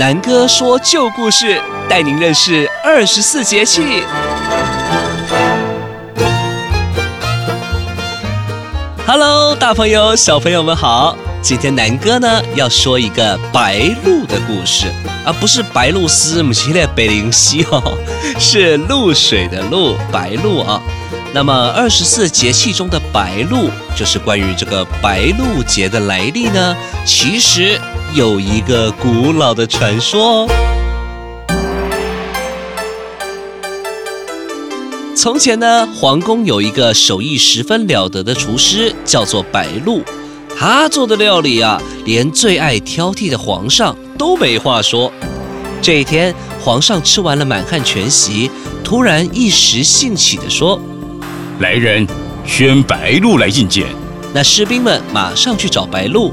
南哥說舊故事，帶您認識二十四節氣。Hello，大朋友，小朋友們好，今天南哥呢，要說一個白露的故事啊，不是白露絲母其列北靈犀哦，是露水的露，白露啊。那麼二十四節氣中的白露，就是關於這個白露節的來歷呢，其實。有一個古老的傳說。從前呢，皇宮有一個手藝十分了得的廚師，叫做白露。他做的料理啊，連最愛挑剔的皇上都沒話說。這一天，皇上吃完了滿漢全席，突然一時興起的說：“來人，宣白露來覲見。”那士兵們馬上去找白露。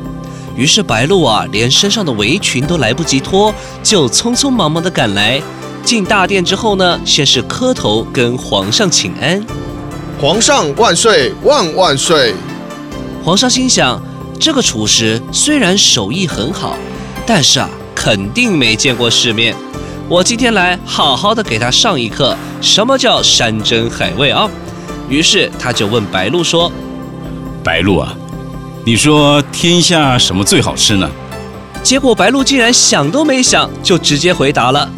於是白露啊，連身上的圍裙都來不及脫，就匆匆忙忙的趕來。進大殿之後呢，先是磕頭跟皇上請安，皇上萬歲萬萬歲。皇上心想，這個廚師雖然手藝很好，但是啊，肯定沒見過世面。我今天來好好的給他上一課，什麼叫山珍海味啊、哦？於是他就問白露說：“白露啊。”你說天下什麼最好吃呢？結果白露竟然想都沒想就直接回答了：“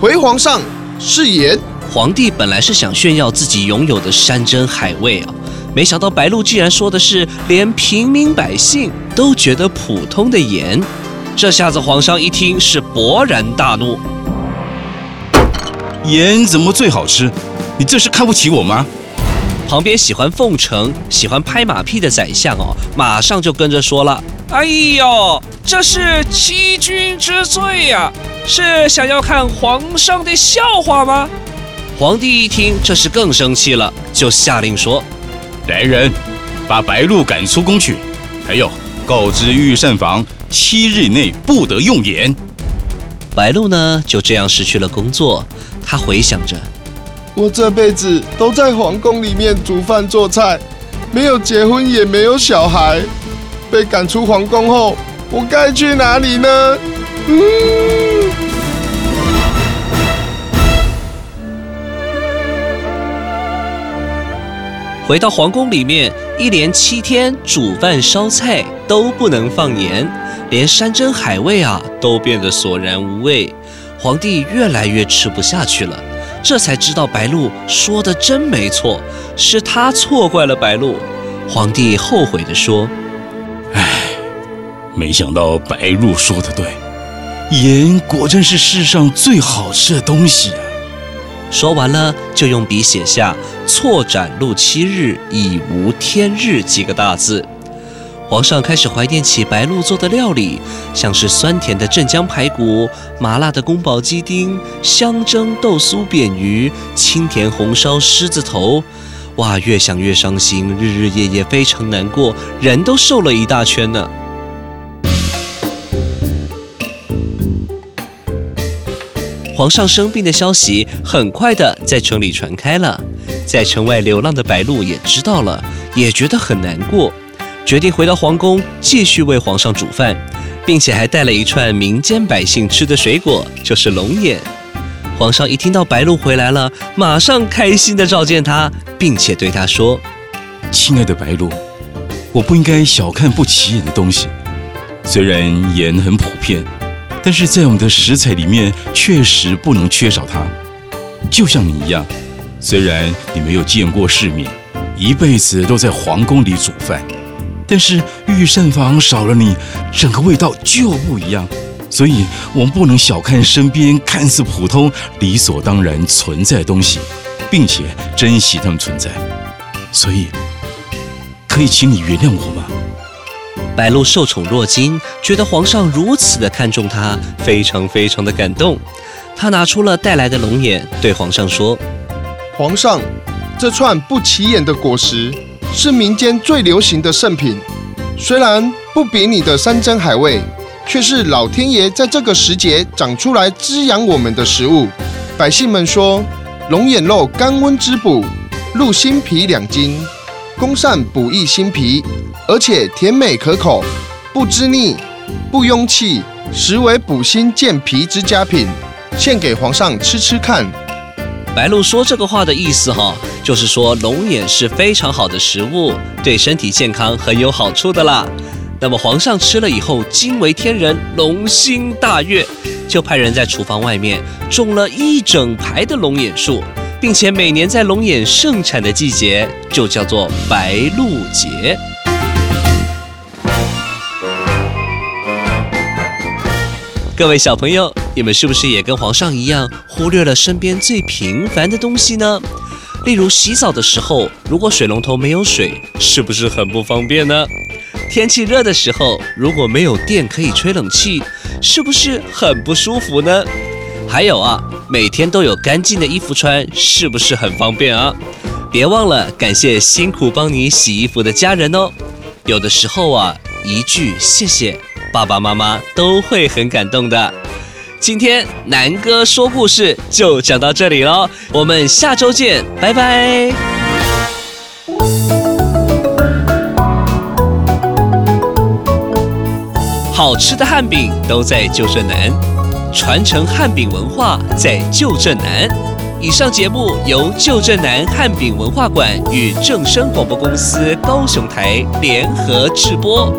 回皇上，是鹽。”皇帝本來是想炫耀自己擁有的山珍海味啊，沒想到白露竟然說的是連平民百姓都覺得普通的鹽。這下子皇上一聽是勃然大怒：“鹽怎麼最好吃？你這是看不起我嗎？”旁邊喜歡奉承、喜歡拍馬屁的宰相哦，馬上就跟着說了：“哎呦，這是欺君之罪呀、啊！是想要看皇上的笑話嗎？”皇帝一聽，這是更生氣了，就下令說：“來人，把白露趕出宮去！還有，告知御膳房，七日內不得用鹽。”白露呢，就這樣失去了工作。他回想着。我這輩子都在皇宮裡面煮飯做菜，沒有結婚也沒有小孩，被趕出皇宮後，我該去哪裡呢？嗯。回到皇宮裡面，一連七天煮飯燒菜都不能放鹽，連山珍海味啊都變得索然無味，皇帝越來越吃不下去了。這才知道白露說的真沒錯，是他錯怪了白露。皇帝後悔地說：“唉，沒想到白露說的對，鹽果真是世上最好吃的東西啊。”說完了，就用筆寫下“錯斬露七日，已無天日”幾個大字。皇上開始懷念起白露做的料理，像是酸甜的鎮江排骨、麻辣的宮保雞丁、香蒸豆酥鯿魚、清甜紅燒獅子頭。哇，越想越傷心，日日夜夜非常難過，人都瘦了一大圈呢、啊。皇上生病的消息很快的在城裡傳開了，在城外流浪的白露也知道了，也覺得很難過。決定回到皇宮繼續為皇上煮飯，並且還帶了一串民間百姓吃的水果，就是龍眼。皇上一聽到白露回來了，馬上開心的召見他，並且對他說：“親愛的白露，我不應該小看不起眼的東西。雖然鹽很普遍，但是在我們的食材裡面確實不能缺少它。就像你一樣，雖然你沒有見過世面，一輩子都在皇宮裡煮飯。”但是御膳房少了你，整個味道就不一樣。所以我們不能小看身邊看似普通、理所當然存在的東西，並且珍惜它們存在。所以，可以請你原諒我嗎？白露受寵若驚，覺得皇上如此的看重她，非常非常的感動。她拿出了帶來的龍眼，對皇上說：“皇上，這串不起眼的果實。”是民間最流行的聖品，雖然不比你的山珍海味，卻是老天爺在這個時節長出來滋養我們的食物。百姓們說，龍眼肉甘溫滋補，入心脾兩經，功善補益心脾，而且甜美可口，不滋膩，不壅氣，實為補心健脾之佳品。獻給皇上吃吃看。白露說這個話的意思哈，就是說龍眼是非常好的食物，對身體健康很有好處的啦。那麼皇上吃了以後驚為天人，龍心大悅，就派人在廚房外面種了一整排的龍眼樹，並且每年在龍眼盛產的季節就叫做白露節。各位小朋友。你們是不是也跟皇上一樣，忽略了身邊最平凡的東西呢？例如洗澡的時候，如果水龍頭沒有水，是不是很不方便呢？天氣熱的時候，如果沒有電可以吹冷氣，是不是很不舒服呢？還有啊，每天都有乾淨的衣服穿，是不是很方便啊？別忘了感謝辛苦幫你洗衣服的家人哦。有的時候啊，一句謝謝，爸爸媽媽都會很感動的。今天南哥說故事就講到這裡嘍，我們下周見，拜拜。好吃的漢餅都在舊振南，傳承漢餅文化在舊振南。以上節目由舊振南漢餅文化館與正聲廣播公司高雄台聯合制播。